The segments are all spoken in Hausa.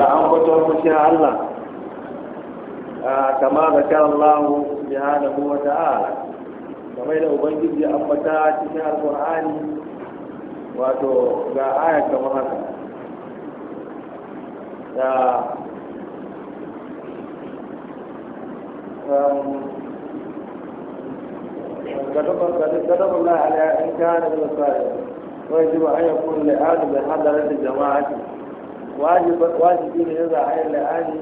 da an kwato fushin Allah kama da kan Allah hada subhanahu wa ta'ala kamar da ubangiji ambata cikin alqur'ani wato ga aya kamar haka da كتب الله على إن كان من الصالحين ويجب أن يكون لآدم بحضرة جماعته wajibi ne ya za a yi la'ani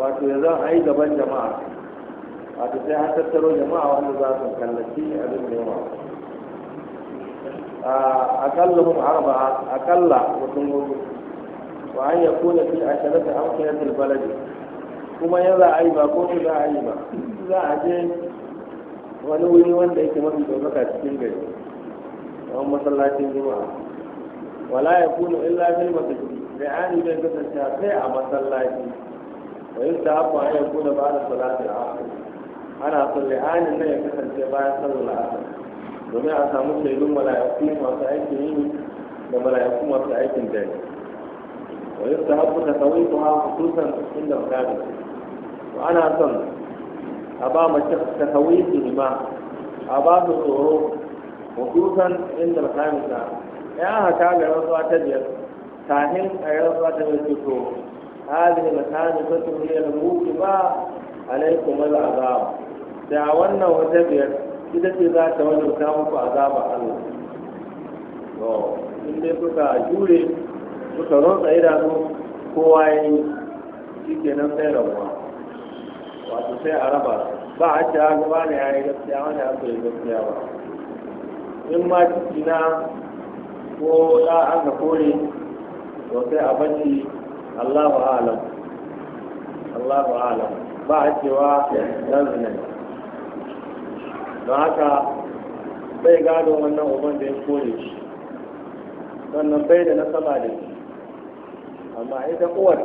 wato ya zan a yi gaban jama'a wato sai an tattaro jama'a wanda za su kallaci abin da yawa akalla mun arba akalla mutum hudu wa an ya kuna fi asharata yadda balaji kuma ya za a yi ba ko za a yi ba za a je wani wuri wanda yake mafi ɗaukaka cikin gari wani masallacin juma'a wala ya kunu illa fil masjid bayani bai kasance sai a masallaci wa yadda abu ya kuna ba da salatul asr ana son li'ani nan ya kasance bayan sallar asr domin a samu shaidun mala'iku masu aikin yini da mala'iku masu aikin dare wa yadda abu ta kawai kuma hususan inda mutane to ana son a ba mu ta kawai ma a ba su tsoro hususan inda mutane ya haka da rasuwa ta biyar kahin a yi rantsuwa ta biyar fito, hali hadin masani ta turiya da mutu ba a alaikum kuma da wannan wata biyar ita ce za ta wani ta muku azaba Allah to in dai kuka jure kuka rotsa idanu kowa ya yi shi nan sai rabuwa wato sai a raba ba a ce gaba ne ya yi gaskiya wani ya yi gaskiya ba in ma ciki na ko ya an ga kore to sai a bashi Allahu alam Allahu alam ba a cewa dan zina don haka bai gado wannan uban da ya kore shi sannan bai da sama da shi amma ita uwar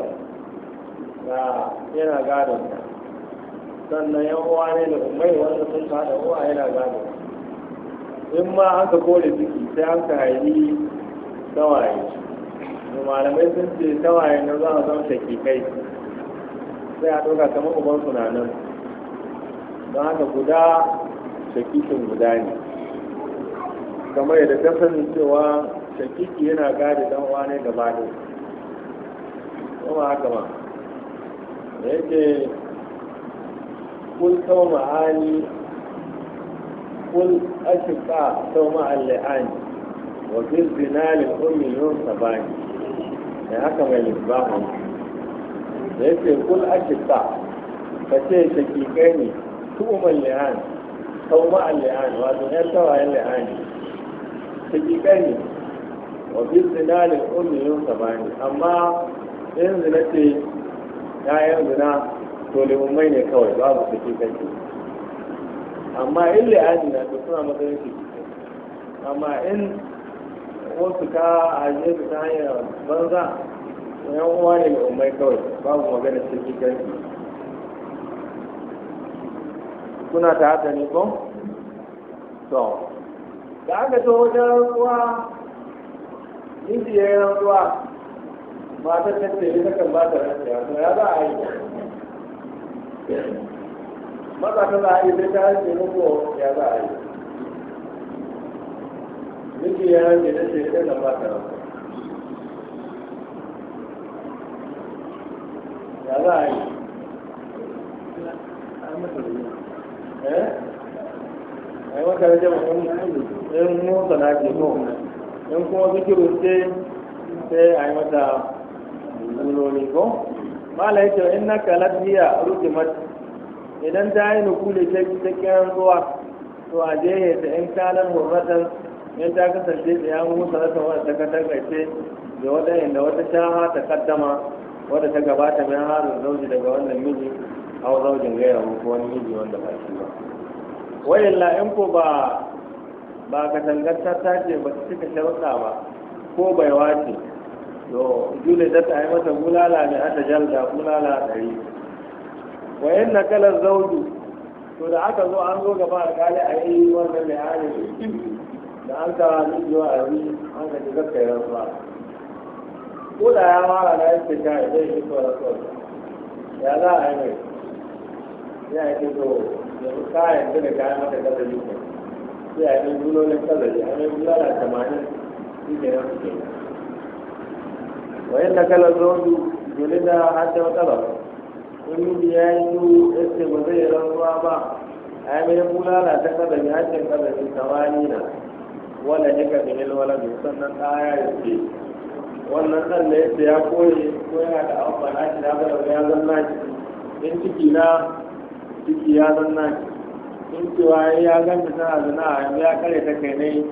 da yana gadon sannan yan uwa ne da umai wanda sun fada uwa yana gadon in ma an ka kore ciki sai an ka tawaye da malamai sun ce tawaye na za a zama shakikai sai a ɗauka kamar uban sunanan don haka guda shakikin guda ne kamar yadda ta sanin cewa shakiki yana gadi dan wane da gaba kuma haka ma. da yake kun kawo ma'ani قل أشقاء سومع اللعان وفي الزنا للأم يوم سبعين يعني هكذا يلزبهم يقول قل أشقاء فشيء شكيكين سوم اللعان سومع اللعان وأدنى سوى اللعان شكيكين وفي الزنا للأم يوم سبعين أما إن زنتي يا يوم زنا to limai ne kawai babu shakikance amma in la'adi na da suna matsayin ke amma in wasu ka ajiye su ta hanyar banza yan uwa ne mai umai kawai babu magana cikin ganci kuna ta haka ne ko? to da aka to wajen rantsuwa inji ya yi rantsuwa matar ta ce ita kan ba ta rantsuwa to ya za a yi maza ta za a yi ta rage muku ya za a yi miki ya rage da ce ɗaya da ya za a yi eh ai maka rage mutum in motsa na ke ko in kuma zikiru ce sai a yi mata zuloli ko mala yake in na kalat biya idan ta yi nukuli ta cikin ruwa to a je ta in kalan hurratan in ta kasance da ya musa rasa wadda ta gaske da waɗannan da wata shaha ta kaddama wadda ta gabata mai harin zauji daga wannan miji hau zaujin gaira ko wani miji wanda ba shi ba wayan la'in ko ba ba katangantar ta ce ba su cika sharuɗa ba ko bai wace to jule ta yi mata bulala ne a ta jalda gulala ɗari wa yin na kalar zaudu to da aka zo an zo gaba alkali a yi wannan mai hali da an ta nijiwa a yi an ka ji zakka yaran ba ko da ya mara na yadda ka yi zai shi tsoron tsoron ya za a yi mai ya yi fito yanzu kayan da da kayan mata kasa yi ko sai a yi bulolin kasa yi a yi bulala tamanin shi ke nan suke wayan da kalar zaudu jolin da hajjar matsalar namiji ya yi su yace ba zai rantsuwa ba a yi mai bulala ta kada bi haƙƙin kada bi tawani na wanda ya kaɗi ne wala bi sannan ɗaya ya yi ce wannan ɗan da yace ya koye ko yana da abba na shi na bada ya na shi in ciki na ciki ya zanna shi in cewa ya ganta tana zina a yanzu ya kare ta kai ne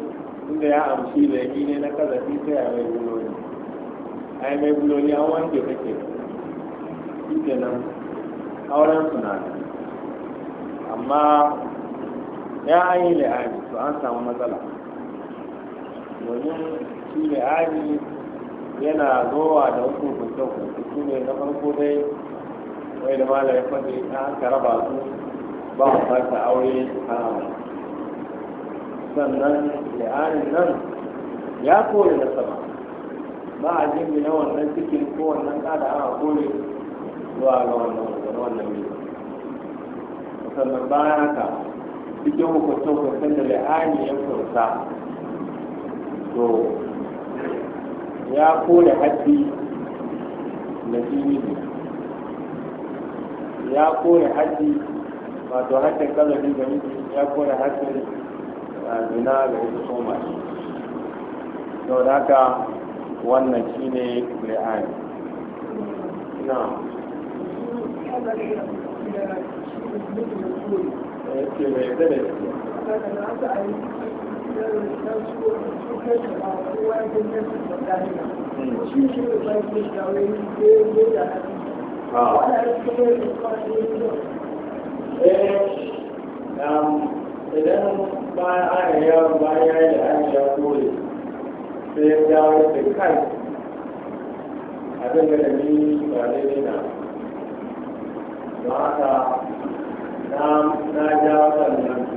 inda ya amshi da yi ne na kaza fi sai a mai buloli a yi mai buloli an wanke take shi kenan auren suna amma ya an yi la'ani to an samu matsala domin shi la'ani yana zowa da wasu hukunce shi ne na farko dai wai da mala ya faɗi ta haka su ba mu fata aure haramu sannan la'anin nan ya kore sama, ba a jin na wannan cikin ko wannan ƙada ana kore zuwa ga wannan da wannan ne sannan bayan haka cikin hukuncin hukuncin da la'ani ya kunsa to ya kore haddi na jini ya kore haddi wato haddin kalabi ga miji ya kore haddin zina ga ita soma shi don haka wannan shine la'ani na idan bayan ana bayan da an sha kore sai ya kai abin da ni ba daidai na da haka na ja wannan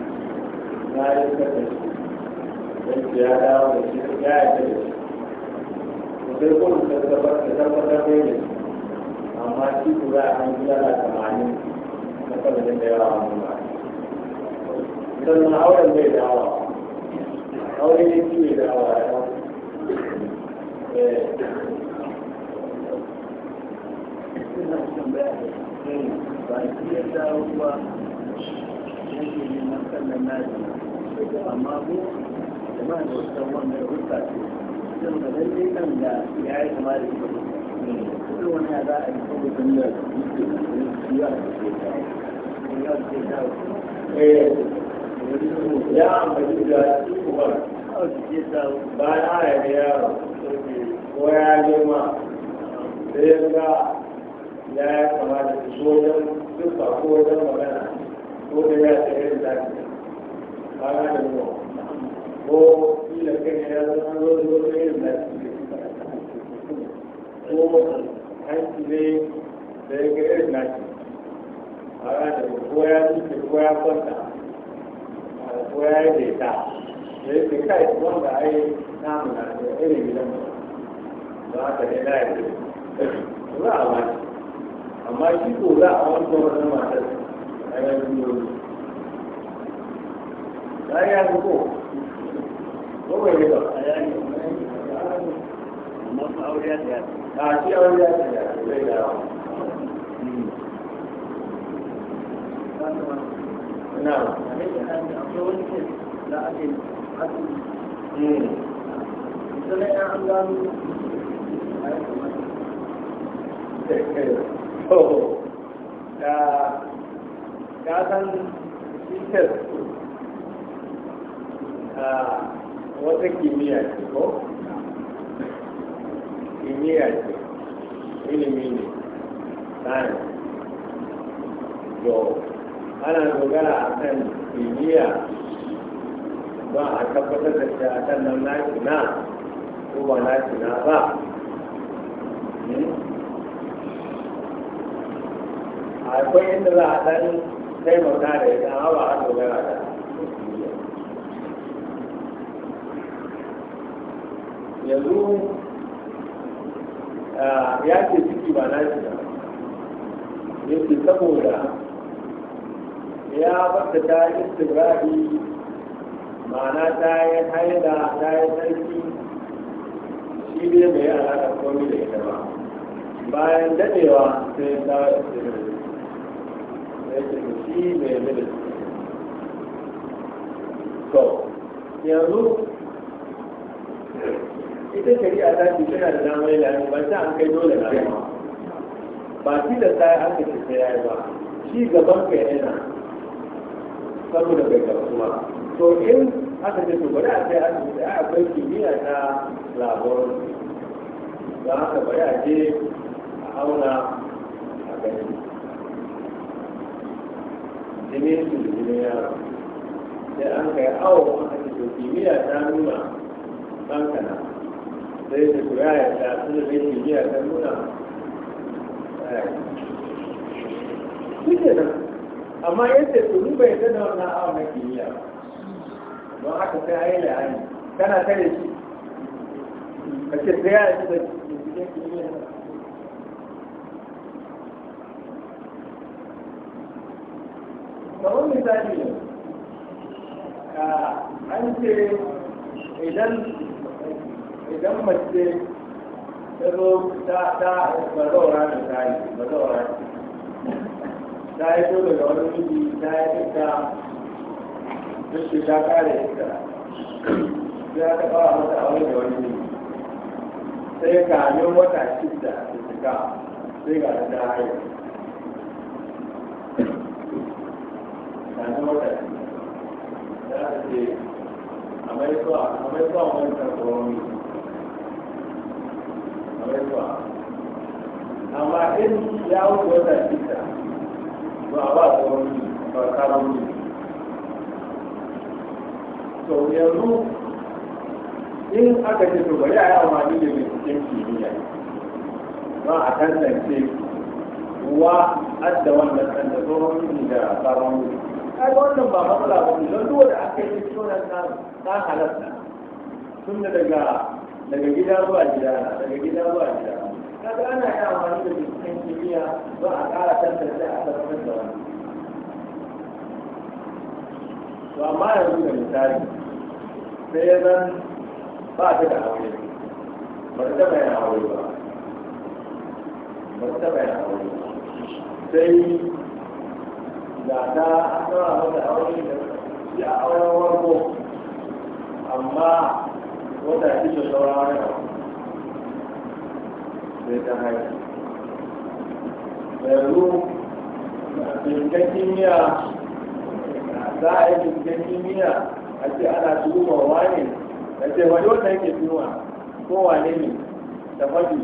na yi kada shi don ya dawo da shi ya yi kada shi to sai ta tabbatar da tabbatar da ne amma shi ku a kan gida na tamanin na kada da yawa a nuna sannan auren bai dawa aure ne shi bai dawa ya Thank you. ba shi ya dawo ba yake neman sallan nazi amma mu da ba da wasu wannan rufa ce don da lalle kan da ya yi kama da ita kuma wani ya za a yi kuma sallar ya ce dawo ya amfani da su kuma ba na ya yaro ko ya nema sai ya ga ya kamata su so wajen duk ko wajen magana ko da ya ta irin zafi ba na da mu ko kila kan ya zama zo zo da irin zafi ko hanci ne da ya ga irin zafi ba na da mu ko ya zuke ko ya kwanta ko ya yi daita da ya ce kai wanda yi namu na da irin gidan ba ta ne na yi za a wani amma shi ko za a wanke wani matar a yanzu yau na ya yanzu ko ko bai yi ba a yanzu amma su aure ya ta yata a shi aure ya ta yata zai da yawa na akwai wani ke a ake asibiti hmm. sanai an gano a yanzu to da ya san cikin wata kimiyya ce ko kimiyya ce ilimi ne sani to ana dogara a kan kimiyya ba a tabbatar da shi a kan nan na ko ba na ba hmm? akwai inda za a ɗan taimaka da ita amma ba a dogara da yanzu ya ce ciki ba na shi ba yake saboda ya bata ta yi istirahi ma'ana ta yi haida ta yi sarki shi dai bai yi alaƙa komi da ita ba bayan daɗewa sai ta yi istirahi yake da shi mai yadda da to yanzu ita shari'a ta ce tana da damar lafi ba ta an kai dole na ba shi da ta an ka ce ya yi ba shi gaban ka yana saboda bai karatu ba to in aka ce to bari a ce an ce a akwai kimiyya ta labarin ba haka ba ya je a auna a gani jini su da jini yaro sai an kai awo aka ce to kimiyya ta nuna kankana sai ta tura ya ta tuna da kimiyya ta nuna duk eh. da nan amma yadda tuni bai ta da wannan awo na kimiyya don haka sai a yi la'ani kana kare shi ka ce sai ya yi da cikin kimiyya kamar misali ne an ce idan mace ta zo ta ta da ta yi bazaura ta yi to daga wani miji ta yi ta duk ta kare ita ta aure da wani miji sai yi wata shida da shiga sai ga ta na na matashi za a ce a mai zuwa a mai zuwa wani a mai zuwa amma in ya wuce wata shida ba a ba tsoron ba karon ne to yanzu in aka ce to bari a yi amfani da binciken kimiyya ba a tantance wa adda wannan kan da tsohon da tsaron kaga wannan ba matsala ba ne don duwanda aka yi sunan na ta halatta tun daga daga gida zuwa gida daga gida zuwa gida kaga ana yi amfani da binciken kimiyya don a ƙara tantance a tabbatar da wani to amma yanzu da misali sai ya zan ba ta da aure ba ta taɓa yin aure ba ba ta taɓa yin aure ba sai ga ta tsara mata aure da shi a auren warko amma wata shi da sauran wani sai ta haihu yanzu binciken kimiyya za a yi binciken kimiyya a ce ana tuhuma wani da ce wani wanda yake tuhuma ko wane ne da faɗi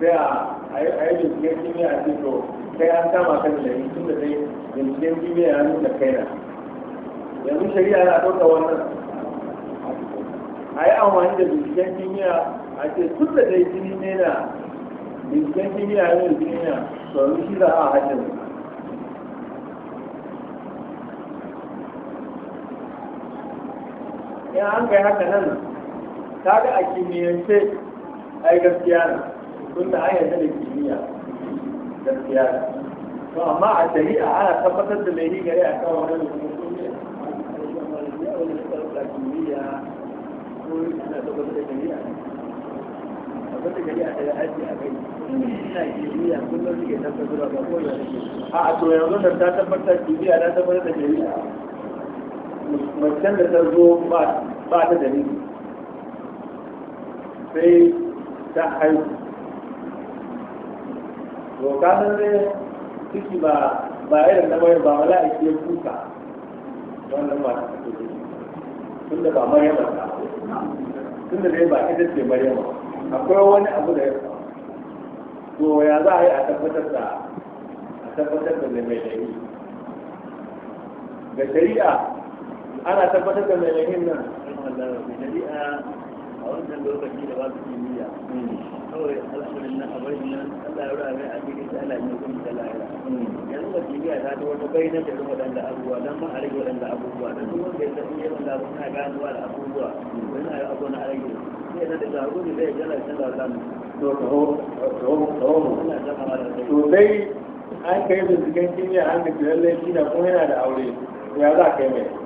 sai a yi binciken kimiyya a ce to kai an kama kan da yi tun da dai binciken kimiyya ya nuna kaina yanzu shari'a na ɗauka wannan a yi amfani da binciken kimiyya a ce tun da dai jini ne na binciken kimiyya ya nuna jini na to shi za a hajjin in an kai haka nan ta ga a kimiyyance ai gaskiya ne tun da an yarda da kimiyya gaskiya ne to amma a shari'a ana tabbatar da mai rigare a kan wani a to yanzu da ta tabbatar kimiyya ta tabbatar da shari'a macen da ta zo ba ta dalili sai ta haihu to kasan dai ciki ba ba da na maryam ba mala'iki ya kuka wannan ba su fito tun da ba maryam ba tun da zai ba ita ce maryam akwai wani abu da ya faru to ya za a yi a tabbatar da a tabbatar da mai laifi ga shari'a ana tabbatar da mai laifin nan a wannan lokaci da ba su kimiyya hmm. kawai alhamdulillah a bari nan Allah ya mai a cikin ne kuma da hmm. yanzu ba kimiyya ta ta wata da irin waɗanda abubuwa ma a rage waɗanda abubuwa da duk wanda ya wanda abu na ganuwa da abubuwa wani a yi abu na rage sai yana da zaru ne zai jana da to dai an kai kimiyya an da kuma yana da aure ya za ka yi mai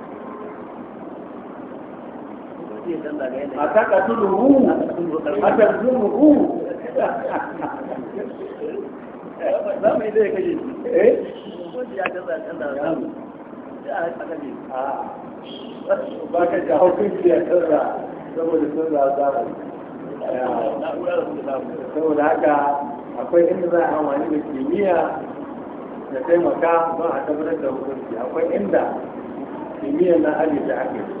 a taka tuluhu a tazumuhu za mu yi zai kashe eh ba ka ji hukunci ya canza saboda canza zamani saboda haka akwai inda za a amfani da kimiyya da taimaka don a tabbatar da hukunci akwai inda kimiyya na hali da ake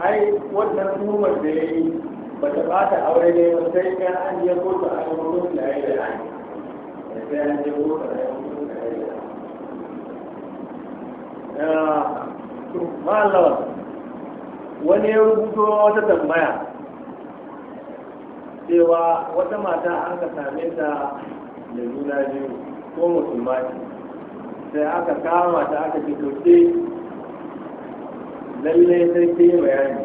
ai wannan tuhumar da ya yi ba ta bata aure ne ba sai ka an yi ko a aure ne da ya yi an yi ko ta aure ne da ya yi wani ya rubuto wata tambaya cewa wata mata an ka same ta da juna biyu ko mutum ba sai aka kama ta aka fito ce lallai sai ke yi bayani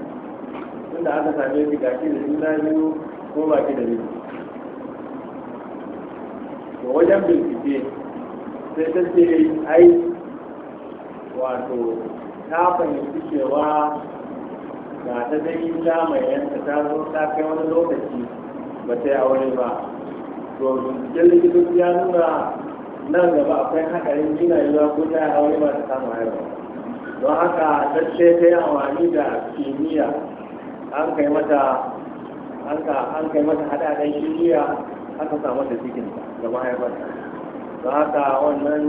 tunda aka same shi gashi da juna biyu ko baki ki da biyu to wajen bincike sai ta ce ai wato ta fahimci cewa ga ta dai ta mai 'yanka ta zo ta kai wani lokaci ba ta yi aure ba to binciken likitoci ya nuna nan gaba akwai hakarin gina yiwuwa ko ta yi aure ba ta samu haihuwa don haka tashe ta yi amfani da kimiyya an kai mata an kai mata haɗaɗen kimiyya aka samu da cikinta da mahaifarta don haka wannan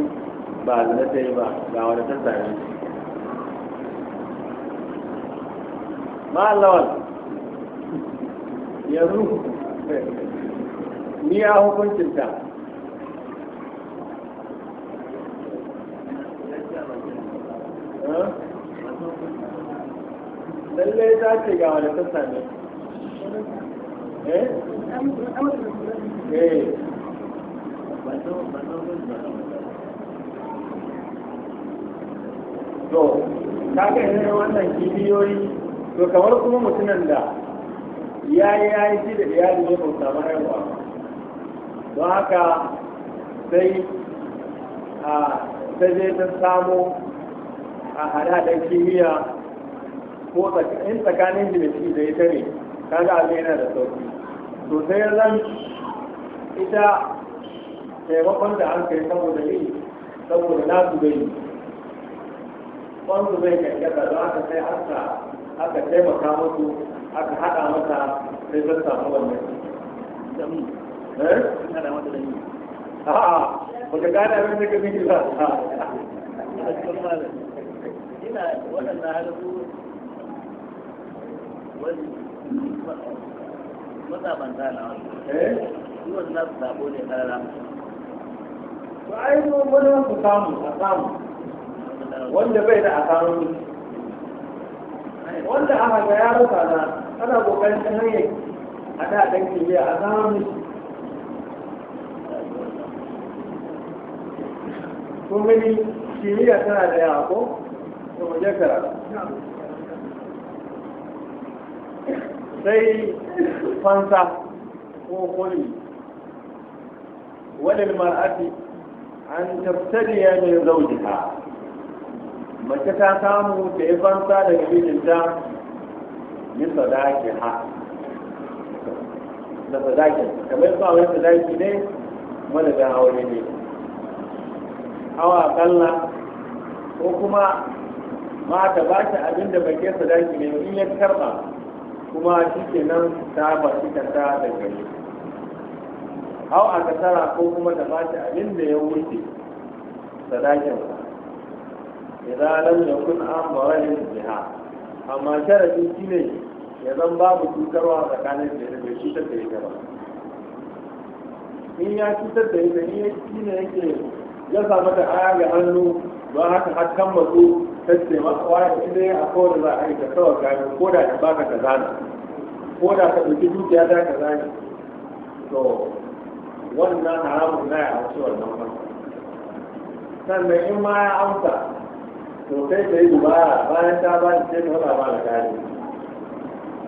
ba da ta yi ba ga wani tattare sami ma'allawar yanzu ni a hukuncinta lallai za ce ga wani sassa ne eh eh to kaga irin wannan kibiyoyi to kamar kuma mutumin da ya yi ya yi shi da iyali ne bauta ba haihuwa don haka sai a ta je ta samo a hada kimiyya ko in tsakanin shi da ita ne kaga abin yana da sauki to sai zan ita taimakon da an kai saboda yi saboda na su bai kwanzu bai kankata don aka sai aka aka taimaka musu aka haɗa mata sai zan samu wannan eh? a'a baka gane abin da ka fi ba ina waɗannan halittu wani matsabanta na wani eh? su wani nasu sabo ne ƙarara to ai wani su samu a samu wanda bai da a samu wanda a haka ya rasa na ana kokarin ta hanyar a da ɗan kimiyya a samu kuma ni kimiyya tana da yawa ko sai fansa ko kuli wadal mar'ati an tabtadiya min zawjiha mace ta samu ta yi fansa daga mijinta min sadaki ha da sadaki kamar ba wai sadaki ne ta aure ne hawa kalla ko kuma ma ta ba shi abin da bai kesa sadaki ne in ya karba kuma shi ke nan ta ba shi ka ta da gari hau a kasara ko kuma ta ba shi abin da ya wuce sadakin sa idan lam yakun an bawarin jiha amma sharafin shi ne ya zan babu cutarwa tsakanin da bai cutar da ita ba in ya cutar da ita ne shi ne yake ya samu da aya ga hannu don haka har kan matsu tace maka wani in dai a kowane za a yi ka kawai gani ko da ka baka ka zane ko da ka ɗauki dukiya za ka zane to wannan haramun na ya wasu wannan ba sannan in ma ya amsa to sai ka yi dubara bayan ta ba ni sai ka wada ba alƙali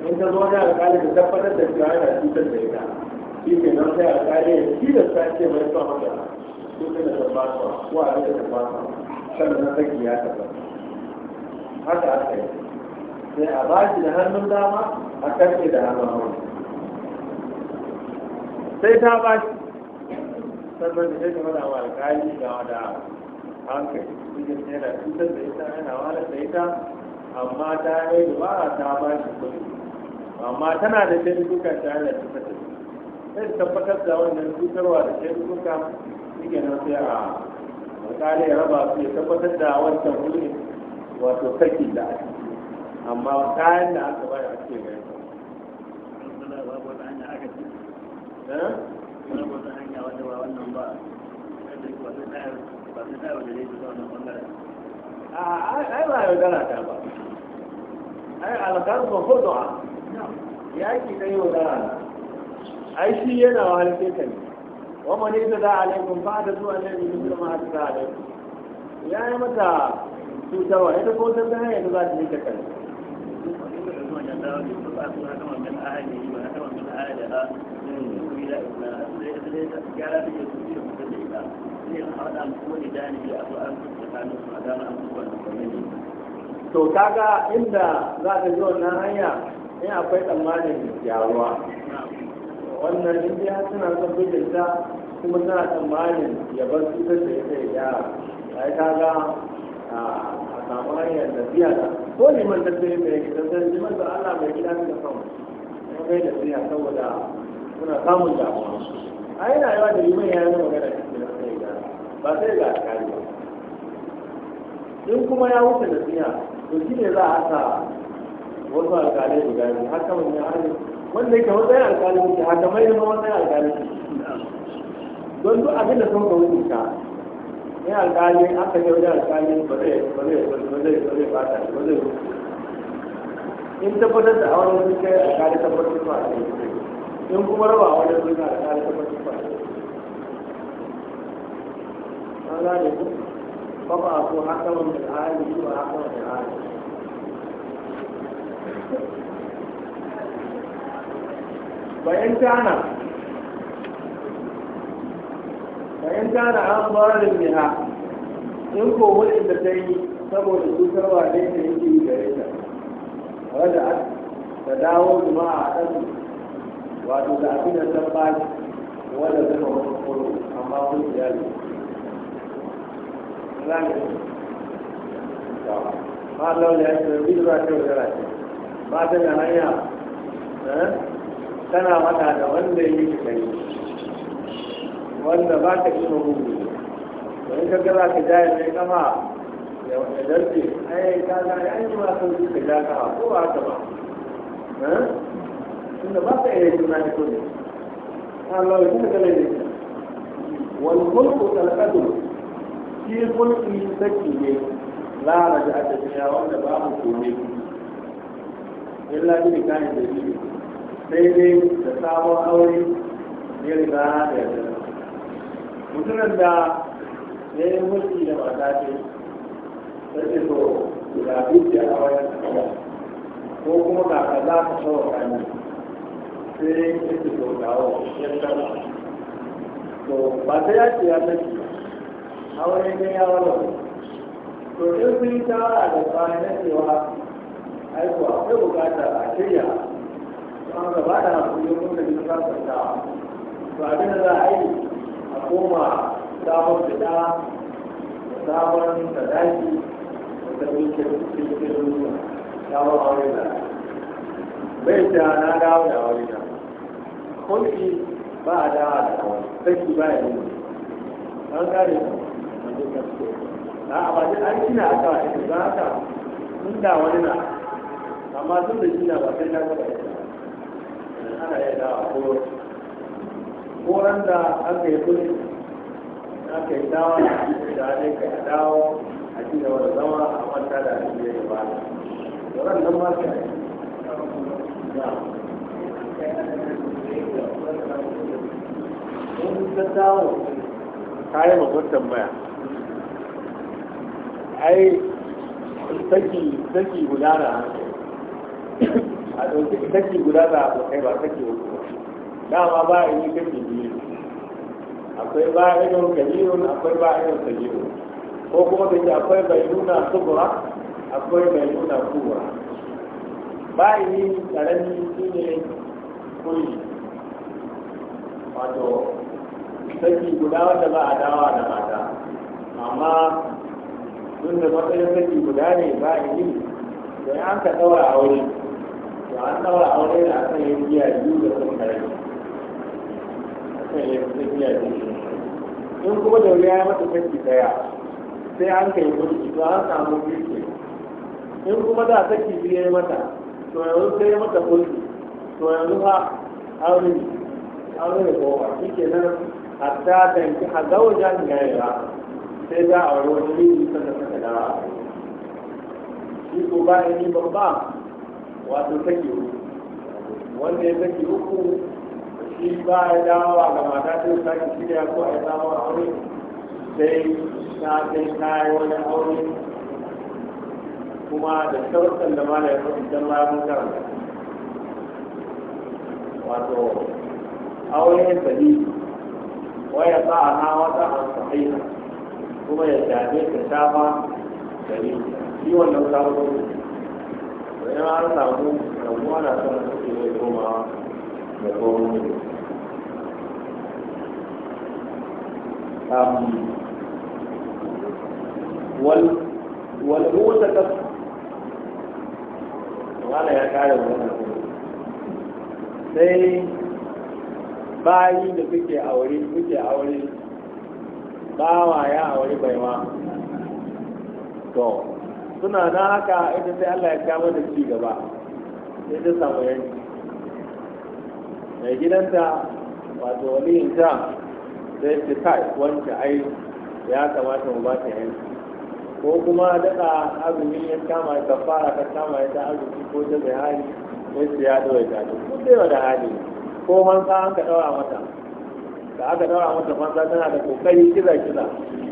in ka zo wani alƙali ka tabbatar da cewa yana cutar da ita shi ke nan sai alƙali ya tilasta ce mai son haka su ne da tabbata ko a rika tabbata sannan na saki ya tabbata haka aka yi sai a ba shi da hannun dama a karfe da hannun hagu sai ta ba shi sannan da sai ta mana wa alƙali ga wada hankali cikin yana cutar da ita yana wahalar da ita amma ta yi ba ta ba shi kuɗi amma tana da shi duka ta yi da cutar sai tabbatar da wannan cutarwa da sai duka suke nan sai a misali ya raba su ya tabbatar da wancan hulɗin wato sakin da ake amma kayan da aka bayar a cikin gari ai ba yaudara ta ba ai alkarfa hudu'a yaki ta yaudara na ai shi yana wa halittar ne wa mani da za a laifin ba da zuwa ne da zuwa ma ta za a laifin ya yi mata cutarwa ita kotar ta sanar yadda za ta yi ta kai to kaga inda za ta ji na hanya in akwai tsammanin gyaruwa wannan indiya suna son bijinta kuma suna tsammanin ya bar su da ya kai gyara ai kaga ah, samu hanyar da biya ta ko liman da sai mai gidan sai liman da Allah mai gida ne da kanmu kuma kai da biya saboda muna samun damuwa a yana yawa da liman ya yi magana cikin da sai ga ba sai ga alƙali ba in kuma ya wuce da biya to shi ne za a sa wasu alƙalai guda biyu haka mun ya hali wanda yake matsayin alƙalai ne haka mai zama matsayin alƙalai don duk abin da sun ka ne alƙali aka je wajen alkali ba zai ba zai ba zai ba zai fata ba zai in tabbatar da auren sun kai alƙali tabbatar ba a in kuma raba a wajen sun alkali alƙali tabbatar ba a ba zai ku ba ba ko wani da hali ba wani da hali bayan ta ana وإن كان أفضل منها إن كو وإن تتيني سبو لسكر وعليك إنتي وكريتا رجعت تداوى جماعة أدو وتدعبين الزباج ولا زمع تقولوا أما قلت يالي سلام عليكم ما الله لأي سبيل راكي وكراتي ما تنعيها أه? تنعمتها دوان بيكي كريم wanda ba ka iya hudu da wani ka gaza ka jaya mai kama da darbe ai ka gane yi ma sun ka ja ka, ko ba ta ba tunda ba ka iya juna ne ko ne Allah ya kuma gane ne wal mulku talqadu shi mulki saki ne la raja'a dunya wanda ba mu kome illa bi kanin da shi sai dai da sabon aure ne riga da yarda mutumin da ya yi mulki da mata ce sai ce to da dukiya a wajen kawai ko kuma ga ka za ka shawo kani sai ya ce to ga wa ya to ba ta ya ce ya a wani ne ya wala to in sun yi a da bayan na cewa aiko akwai bukatar a shirya kuma ba da hakuri wanda bisa ta ba abin da za a yi koma sabon fita da sabon sadaki da dukkan cikin ruwa sabon aure da bai da na dawo da aure da ba a dawa da aure saki ba ya yi an kare a ba duk an gina ya wa ita za ka inda wani na amma sun da gina ba sai na gaba ita ana yi dawa ko ko ran da aka yi kuli aka yi dawa da ne ka yi dawo a ci gaba da zama a manta da abin da ya ba da nan ma ka yi mun ta dawo ta yi tambaya ai saki saki guda da a ɗauki saki guda da abokai ba saki wasu ba dama ba a yi kashi biyu akwai ba ba'idun kabirun akwai ba yi kariyo ko kuma da ke akwai bai nuna tsubura akwai bai nuna a yi karami shi ne kuri wato saki guda wanda ba a dawa da mata amma tun da matsayin saki guda ne ba yi da an ka daura aure to an daura wuri da aka yi biya biyu da sun karami kan yi tafiya da shi in kuma da wuya ya mata kashi daya sai an kai mulki to an samu mulki in kuma da saki biyu ya mata to yanzu sai ya mata mulki to yanzu fa aure aure da kowa shi ke nan hatta tanki a yi ba sai za a wani wani yi sannan saka dawa shi ko ba ya yi babba wato saki uku wanda ya saki uku in ba ya dawowa ga mata ta sake shirya ko a samu aure sai ta sai na yi wani aure kuma da sharuɗan da mala ya faɗi don ma mun karanta wato aure sali waya ba a hawa wata an sahiha kuma ya dame ta shafa sali shi wannan sabon ne. Wani ma an samu rabuwa na son suke mai komawa da tsohon wani mota ta wala ya kare wannan sai bayi da suke aure suke aure bawa ya aure baiwa to suna na haka ita sai Allah ya kama da ci gaba sai ta samu yanki mai gidanta wato waliyin ta sai ce kai wancan ai ya kamata mu ba ta yanki ko kuma daga azumi ya kama ya fara ta kama ya ta azumi ko ta zai hali ya su ya ɗaura ta ce ko dai wani hali ko fansa an ka ɗaura mata da aka ɗaura mata fansa tana da kokari kiza kiza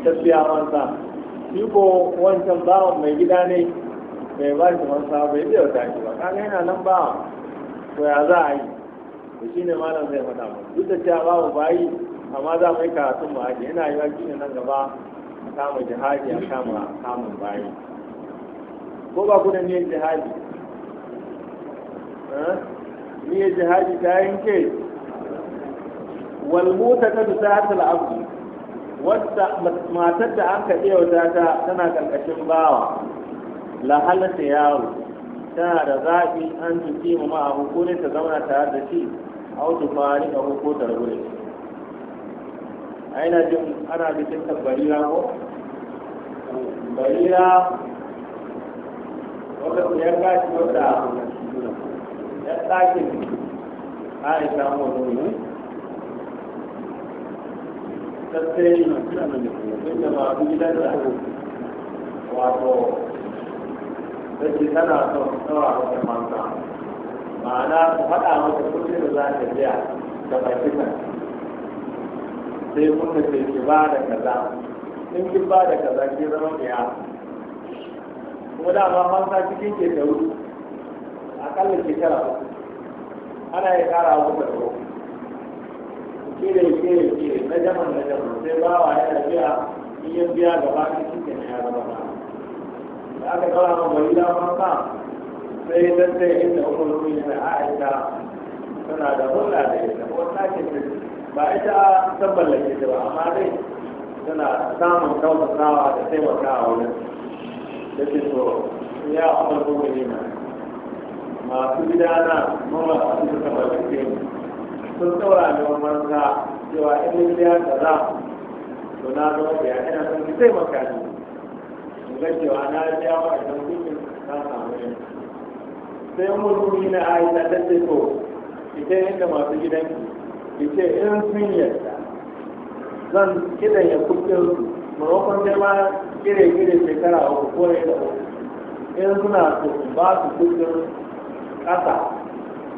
ta siya fansa shi ko wancan bawan mai gida ne bai ba shi fansa bai ɗaura ta ce ba kaga yana nan bawan to ya za a yi to shine malam zai faɗa mu duk da cewa babu bayi amma za mu yi karatun mu aje yana yiwa shine nan gaba a kama jihadi a kama kamun bayi ko ba ku da niyyar jihadi eh? niyyar jihadi ta yanke walmuta ta da ta la'abdu wadda matar da an kaɗe wata ta tana ƙarƙashin bawa la yaro tana da zaɓi an tuki ma abu ko ta zauna tare da shi autu fari ka ko ta rabu da a yana jin ana bikin barira ko barira wata ya gashi wata ya tsakin aisha mutum ne tattalin da ba su gidan da wato da ke tana son tsawa wata manta ma'ana ku faɗa masa kuɗi da za ka biya da bakin nan sai da ke ki ba da kaza in kin ba da kaza ki zama ɗaya kuma dama sa cikin ke da wuri akalla shekara uku ana ya ƙara ke da uku kire kire kire na jaman na jaman sai wa yana biya in ya biya gaba ɗaya cikin ya zama ba da aka kawo ma bari da sa sai da inda hukumomi na aisha suna da hulɗa da ita ko sake ba ita ta mallake ta ba amma dai suna samun kyautatawa da taimakawa wajen da ke so ya kuma gobe na masu gidana a cikin suka mallake sun ne da manza cewa in yi biya da za su na zama ya ina son fi taimaka ni in ga cewa na biya ma idan kuɗin ta samu sai mulki na aisha ta ce to ita yadda masu gidan ki ce in sun yarda zan kidan ya kuɗin maimakon girma gire-gire shekara uku ko ya da uku in suna so ba su kuɗin ƙasa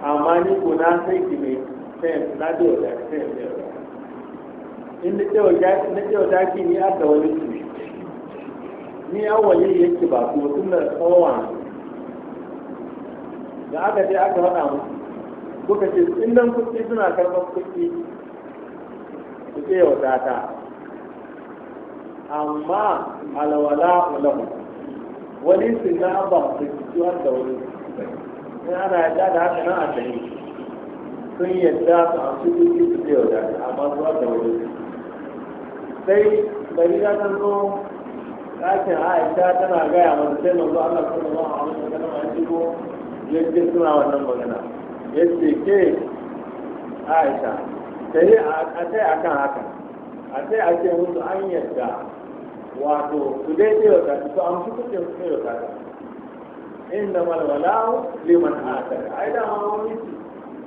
amma ni ko na sai ki ne sai na ji wa daki sai ya in na ce wa daki ni a da wani ni an wani yake ba ko tun da tsawon da aka je aka faɗa mu kuka ce in nan kuɗi suna karɓar kuɗi ku ce wa tata amma alwala ulamu wani su na ba su ci har da wani in ana yadda da haka nan a tsaye sun yadda su su kuɗi su ce wa tata amma su har da wani sai bari na san zo ɗakin aisha tana gaya mana sai manzo Allah sallallahu alaihi wasallam a shigo yake suna wannan magana yake ke aisha ta yi a sai a kan haka a sai a ce musu an yadda wato su dai ce wa kasu su amshi kuɗin su ce wa kasu inda malwala liman haka ai da ma wani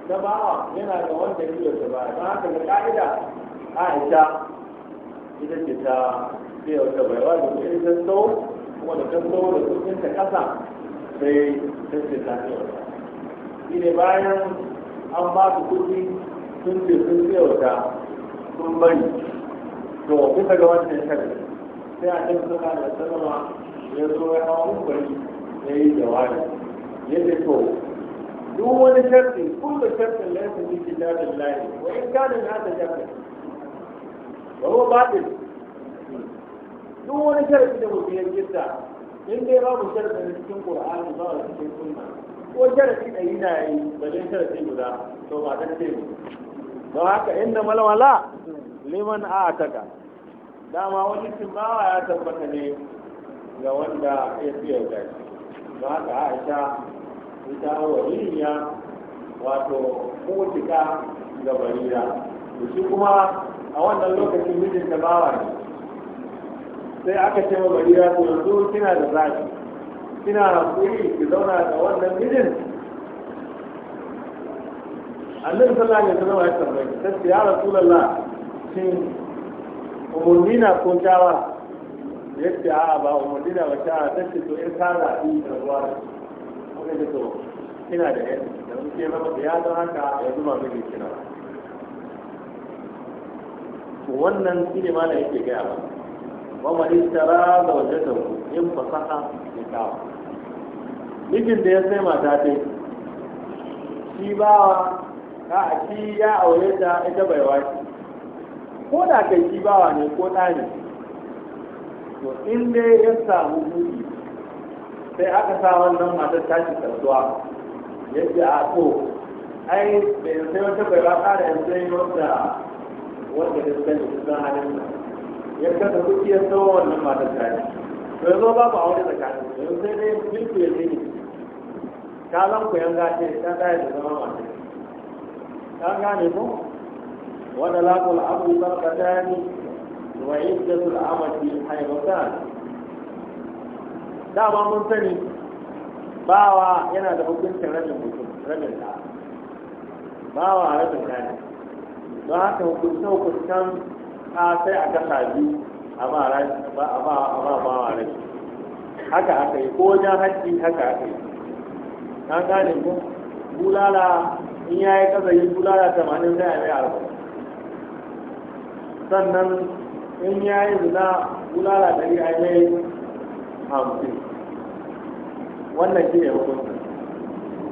na bawa yana da wanda ya yi wa ba don haka da ka'ida aisha ita ce ta ce wa ta baiwa da kuma ita so kuma da ta da kuɗin ta ƙasa sai sai ta shi ne bayan an ba su kuɗi sun ce sun tsewata sun bari to bisa ga wancan shari'a sai a cikin suna da sanarwa ya zo ya hawa bari ya yi jawabi ya ce to duk wani sharfi kullum sharfin laifin yi kitabin layi wani in kanin hasa sharfi ba ko baɗin duk wani sharfi da mutum ya gita in dai babu sharafin cikin qur'ani ba a cikin sunna ko sharafi da yana yi ba dai sharafi guda to ba zai sai don haka inda malwala liman a ataka dama wani cimbawa ya tabbata ne ga wanda ya fi yarda shi don haka aisha ita waliya wato mutika ga barira shi kuma a wannan lokacin mijinta bawa ne sai aka ce wa barira to yanzu kina da zafi kina hankali ki zauna da wannan mijin annabi sallallahu alaihi wasallam ya tambaye ta ce ya rasulullah shin umurni na ko Ya yace a'a ba umurni na ba shawara ta ce to in ka zaɓi da ruwa ne ne to kina da yanzu yanzu ke zama da ya zama haka ya ba mijin kina wannan shi ne ma da yake gaya ba wa man istara zawjatahu yin fasaha nikah mijin da ya sai mata ta shi bawa ka shi ya aure ta ita bai wace ko da kai shi bawa ne ko ɗa ne to in dai ya samu buɗi sai aka sa wannan matar tashi kasuwa yadda a to ai bai sai wata bai ba ƙara yanzu yi wanda wanda da suka yi kusan halin nan ya kasa kuɗi ya tsawo wannan matar tare to yanzu babu aure tsakanin yanzu sai dai milku ya zini ka zan ku yanga ce ta tsaye da zama matar ta gane ko wanda laƙul abu sarƙata ne wa iddatul amati haibatan dama mun sani bawa yana da hukuncin rabin mutum rabin da bawa rabin da don haka hukuncin hukuncin ka sai a kasa biyu a ba ba wa rai haka aka yi ko wajen hajji haka aka yi an gane ku bulala in ya yi kasa yi bulala tamanin zai a mai arba'in sannan in ya yi zina bulala ɗari a mai hamsin wannan shi ne hukunta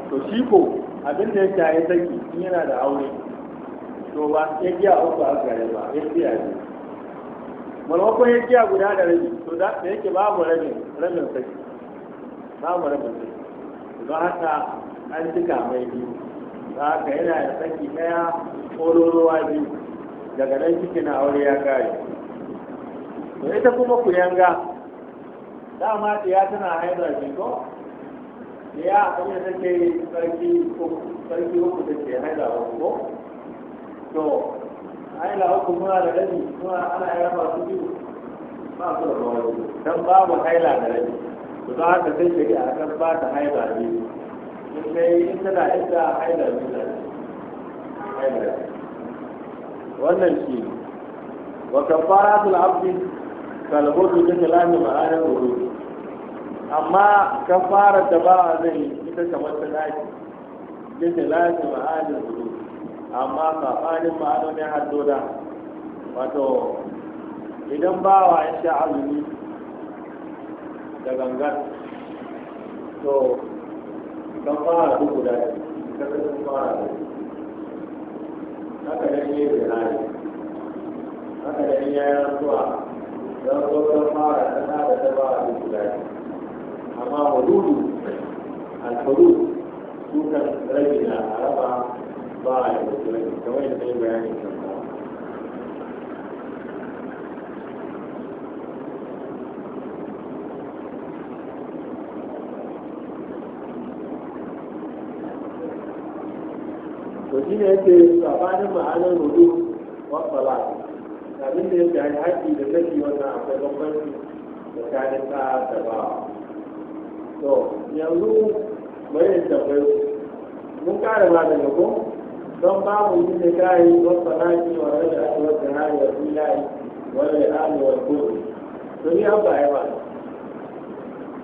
to shi ko abin da ya shaye saki in yana da aure to ba ya giya uku a gare ba ya giya ne malmakon ya giya guda da rabi to da yake babu rabin rabin saki mu rabin saki don haka an cika mai biyu da ka yana da saki daya ruwa biyu daga nan ciki na aure ya kare to ita kuma ku yanga dama ya tana haidar ne ko ya abin da take sarki uku da take haidar ko to ai la uku muna da rabi kuma ana yi raba su biyu ba su da kawai dan babu haila da rabi to don haka sai shari'a akan ba ta haila biyu in sai in tana idda haila biyu da haila wannan shi wa kafaratul abdi kalbudu da kalamin ma'anar wudu amma kafarar da ba zai ita kamar ta dace da kalamin ma'anar wudu amma saɓanin ma'anonin haddoda wato idan bawa ya sha azumi da gangan to kan fara duk guda ne kasar fara da haka ya yi da rari haka nan ya yi rantsuwa don tsoron fara da na da ta fara duk guda ne amma hududu alfaru su kan rage na araba ba shi ne yake tsabanin ma'anar rudu wasala abin da yake hanyar haƙi da wannan akwai bambanci ta da ba to yanzu bayan tambayo mun kare ma daga ko don babu yi da kayi wasu salati wa rage a wasu hari wa filayi wa ya hali wa kudu to ni an baya ba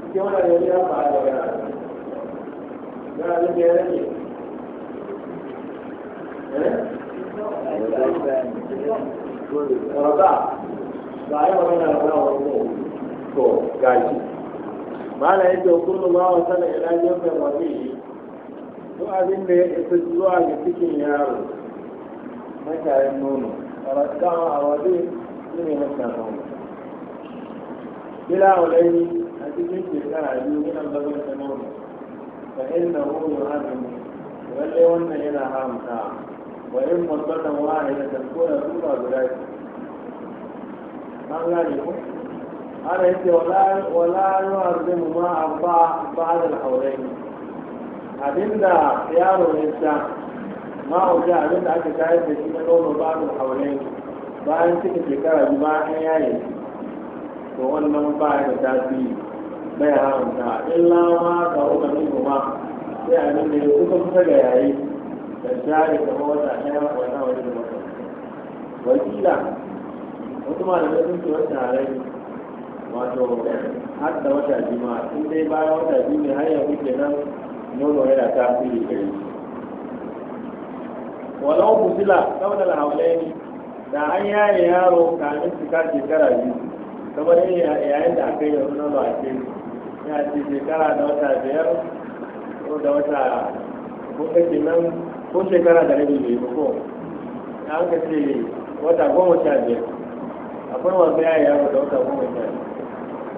cikin wani da an baya da gara gara da ya rage eh? Rata, ba a yi magana da wani to gashi. Mala yadda kullum ma wasan da ilajin mai mafi ko abin da ya isa zuwa ga cikin yaro matayen nono rakawa a waje shi ne matayen nono bila walaini a cikin shekara biyu yana bazar da nono fa inna hu yuhadimu lalle wannan yana haramta wa in mutsatan wahidatan ko da zuwa guda ce an gane ko ana yace wala wala yuhadimu ma ba ba'da al-hawlaini abinda yaro ya sha ma'auja abinda aka shayar da shi na nono ba mu haure bayan cika shekara biyu bayan yaye to wannan ba ya da tafi bai haramta illa ma ka uka min kuma sai abin da ya kuka kusa ga yayi da share kamar wata ɗaya wata wani da mutum wakila wasu malamai sun ce wata harai wato har da wata biyu ma in dai bayan wata biyu ne har kuke nan. nono yana tasiri gare shi walau fusila saboda lahaulaini da an yaye yaro kamin cika shekara biyu kamar yayin da aka yi yanzu nono a ce ya ce shekara da wata biyar ko da wata ko kake nan ko shekara da rabi bai ko ya aka ce wata goma sha biyar akwai wanzu ya yaro da wata goma sha biyar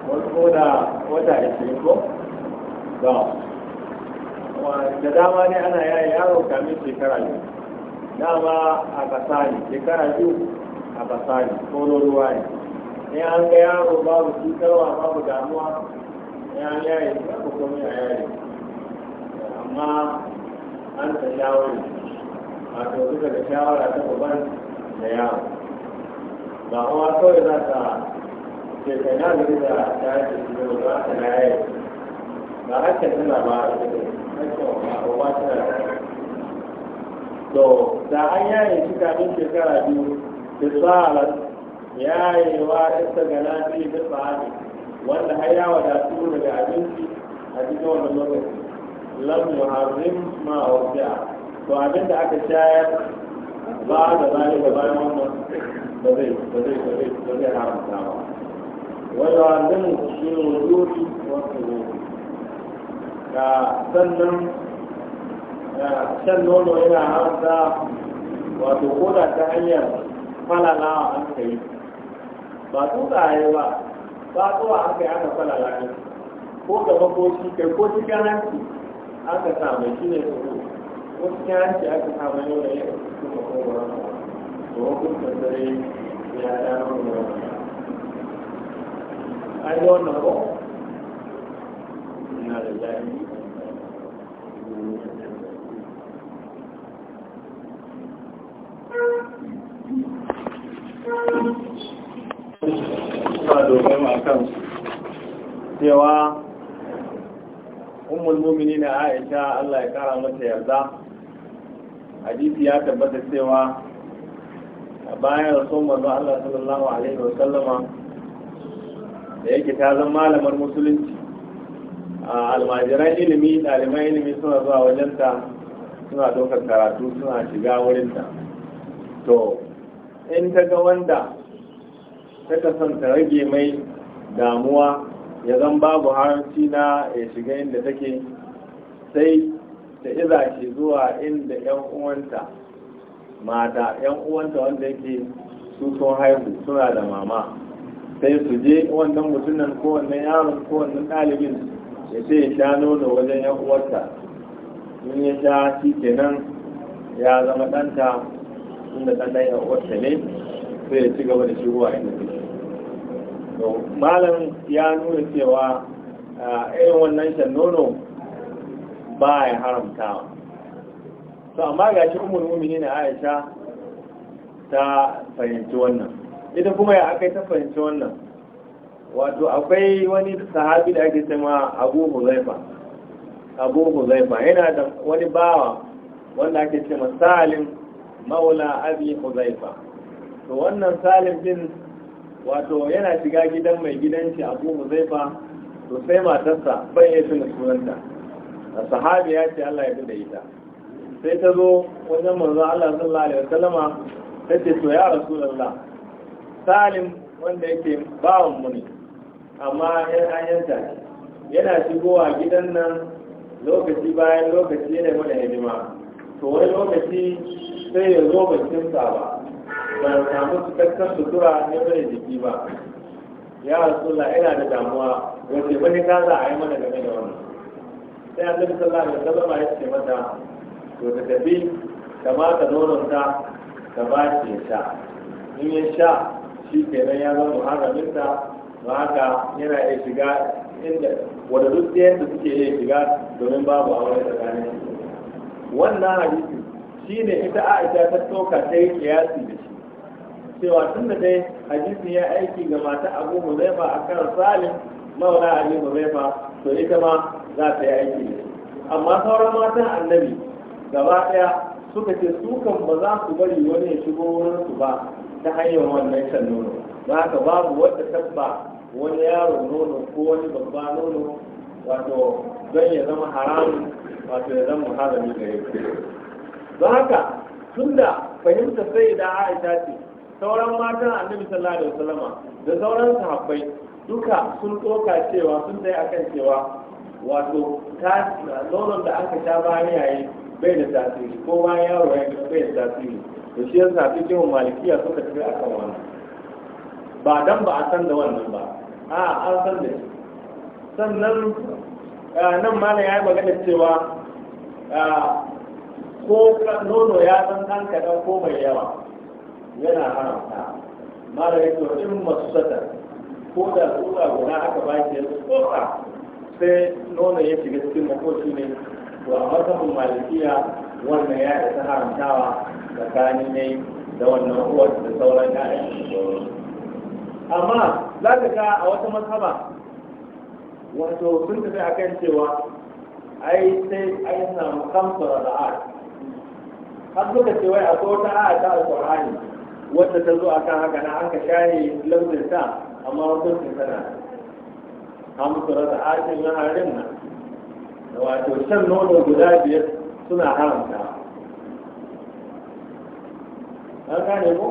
wasu ko da wata ashirin ko ba da dama ne ana yaya yaro kamin shekara biyu dama a kasa ne shekara biyu a ne tono ruwa ne an ga yaro babu cutarwa babu damuwa ne an yaye shi aka komi a yaye amma an ta shawari wato duka da shawara ta gaban da yaro ba kuma kawai za ta ke ta yi da ta da shi ba za ta yaye ba haka tana ba a cikin to da an yaye shi kafin shekara biyu da tsarar yayewa ta ga lafiya da tsari wanda har ya wadatu daga abinci a cikin wannan lokaci lam yuharrim ma a wajja to abin da aka shayar ba da ne ba bayan wannan ba zai ba zai ba zai ba zai haramta ba wanda wannan shi ne wuri wasu sannan shan nono yana haramta wato koda ta hanyar falalawa an ka yi ba tsuntsaye ba ba zuwa an yi aka falala ne ko gaba ko shi kai ko cikin hanci aka samu shi ne su ko cikin hanci aka samu yau da yau kuma ba to hukuntar dare ya ɗano da wani ai da wannan ba ina da jami'i cewa mumini na Aisha Allah ya kara mata yarda hadisi ya tabbata cewa a bayan rasuwan manzo Allah sallallahu alaihi wa sallama da yake ta zama malamar musulunci a almajiran ilimi ɗaliban ilimi suna zuwa wajenta suna ɗaukar karatu suna shiga wurinta to in ta ga wanda ta rage mai damuwa ya zan babu haramci na ya shiga inda take sai da iza ce zuwa inda yan uwanta mata yan uwanta wanda yake su sun haihu suna da mama sai su je wannan mutumin ko wannan yaron ko wannan ɗalibin ya ce ya sha nono wajen yan uwarta in ya sha shi kenan ya zama ɗanta inda ɗan yan uwarta ne sai ya ci gaba da shigowa inda take malam ya nuna cewa irin wannan shan nono ba ya haramtawa to amma ga shi umar mumini na aisha ta fahimci wannan ita kuma ya aka ta fahimci wannan wato akwai wani sahabi da ake cema abu huzaifa abu huzaifa yana da wani bawa wanda ake cema salim maula abi huzaifa to wannan salim din wato yana shiga gidan mai gidanci abu ba to sai matarsa bai iya tuna sunanta a sahabi ya ce Allah ya bi da ita sai ta zo wajen manzo Allah sallallahu alaihi wasallama ta ce to ya rasulullah salim wanda yake bawan mu ne amma yan ayanta yana shigowa gidan nan lokaci bayan lokaci yana mana hidima to wani lokaci sai ya zo bakin sa ba ba samu cikakken sutura ne bane jiki ba ya rasulullah ina da damuwa wace bane ka za a yi mana game da wannan sai annabi sallallahu alaihi wasallam ya ce mata to ta tafi ka ba ka nonon ta ka ba ke ta. sha in ya sha shi kenan ya zama muharramin ba haka yana iya shiga inda wanda duk da suke iya shiga domin babu aure tsakanin wannan hadisi ne ita Aisha ta tsoka ta yi kiyasi da shi cewa tun da dai hadisi ya aiki ga mata abu mu zai ba a kan salim maula ali ba to ita ma za ta yi aiki ne. amma sauran matan annabi gaba ɗaya suka ce sukan ba za su bari wani ya shigo wurin su ba ta hanyar wannan shan nono ba babu wata tabba wani yaro nono ko wani babba nono wato don ya zama haramun wato ya zama harami gare ku don haka tunda fahimta sai da aisha ce sauran matan annabi sallallahu alaihi wasallam da sauran sahabbai duka sun doka cewa sun dai akan cewa wato ta nonon da aka sha bayan yayi bai da tasiri ko bayan yaro ya bai da tasiri to shi yasa cikin malikiya suka tafi akan wannan ba dan ba a san da wannan ba a an san da shi sannan nan ma ya yi magana cewa ko nono ya san kanka kaɗan ko mai yawa yana haramta mara ya to in masu sata ko da tsura guda aka ba shi yanzu tsotsa sai nono ya shiga cikin makoci ne to a matsayin malikiya wannan ya isa haramtawa tsakanin ne da wannan uwar da sauran ƴaƴan amma za ka ga a wata mazhaba wato sun tafi kan cewa ai sai ai samu kamsa da har suka ce wai a ko ta ta alƙur'ani wanda ta zo akan haka na aka shaye launin ta amma su tana hamsu rasa ajin na harin nan da wato shan nono guda biyar suna haramta an gane ko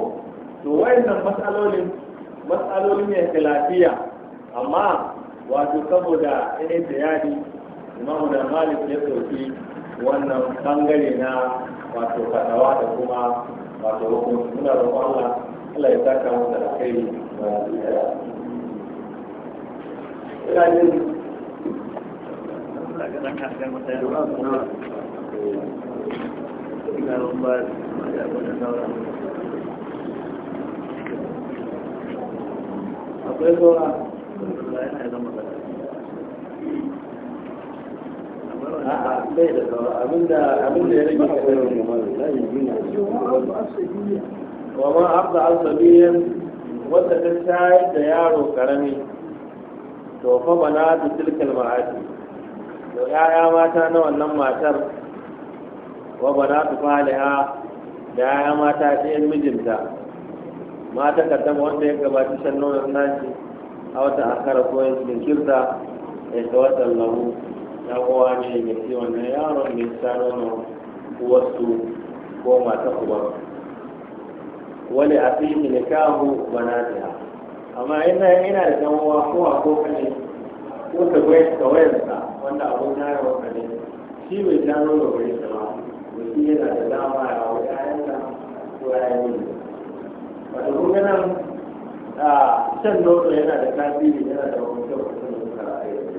to wayannan matsalolin matsalolin ne lafiya. amma wato saboda da yadi, imamu da malik ya soki wannan bangare na wato fatawa da kuma wato muna roƙon Allah Allah ya saka mu da kai ba ina akwai bai da ya rage kasar muhammadu yi gina wa abda al-sabiyan wadda ta shayar da yaro karami to fa bana da tilkal ma'aji. to yaya mata na wannan matar wa bana ta faliha da yaya mata yin mijinta mata tabo wanda ya gabata shan nonon nashi a wata akara ko yin kirta ya tawassan lahu ɗan'uwa ne ya ce wannan yaron ne ta wasu ko mata uba wani a fi nikahu banatiha amma ina yana da ɗan'uwa ko a ko kane ko ta wayarsa wanda na yi yawa kane shi mai ta da bai ta ba shi yana da dama ya hau ƴaƴansa ko da kuma nan a can nono yana da tasiri yana da wani kyau a kuma karatu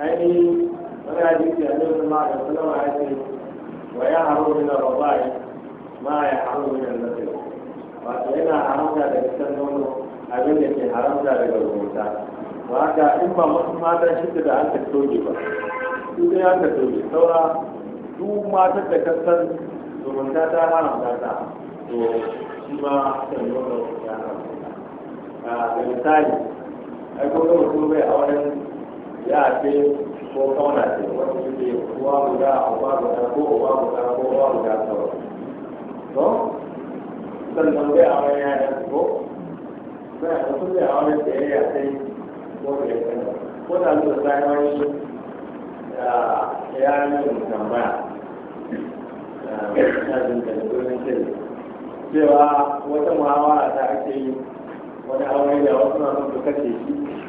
ainihin wani hadisi a nufin ma da sallama ya ce wa ya haru min al-rabai ma ya haru min al-nasir wato yana haramta da fitar nono abin da ke haramta daga rubuta ba haka in ba wasu mata shida da aka toge ba su dai aka toge saura duk matar da ka san zumunta ta haramta ta to shi ma kan nono ya haramta ah, a misali ai ko ga mutum bai a wani ya ce ko kauna ce wata suke uwa guda uwa guda ko uwa guda ko uwa guda kawai to sannan bai a wani ya ko bai a wasu bai a wani da ya sai ko da sani ko da zuwa sai wani ya yi yin tambaya na jin da domin shirin cewa wata muhawara ta ake yi wani aure da wasu na sun kashe shi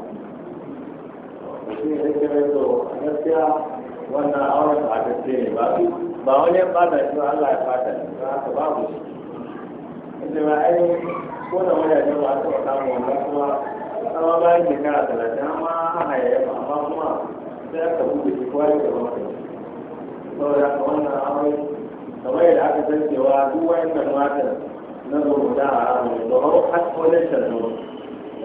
mutum ya kira to gaskiya wannan auren ba ta ce ne ba ba wani ya fata shi ba Allah ya fata shi ba haka babu shi inda ba ai ko da wani yaji ba ta samu wannan kuma sama bayan shekara talatin amma haka ya yaba amma kuma sai aka buɗe shi kwari da ba wani saboda haka wannan auren kamar yadda aka san cewa duk wayannan matan na rubuta a ramin da har ko na shan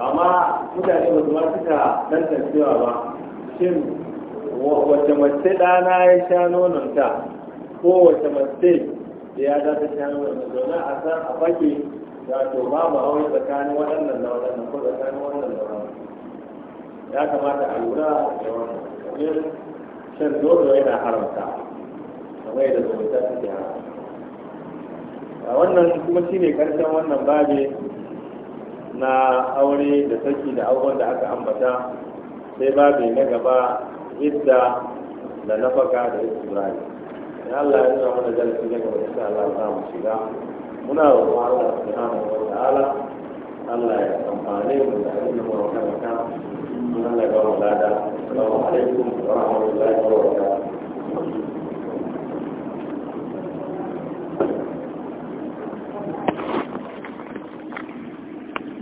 amma mutane ba su ma suka tantancewa ba shin wace mace ɗana ya sha nonon ta ko wace mace ya za ta sha nonon ta domin a san a to ba ba aure tsakanin waɗannan da waɗannan ko tsakanin waɗannan da waɗannan ya kamata a lura da wannan shan nono yana haramta kamar yadda zumunta take haramta wannan kuma shi ne karshen wannan babi na aure da saki da abubuwan da aka ambata sai babi na gaba idda da faka da isra'i in Allah ya zama mana jalisi na gaba insha Allah za mu shiga muna roƙon Allah subhanahu wa ta'ala Allah ya amfane mu da abin da mu Allah ya ba mu lada assalamu alaikum wa rahmatullahi wa barakatuh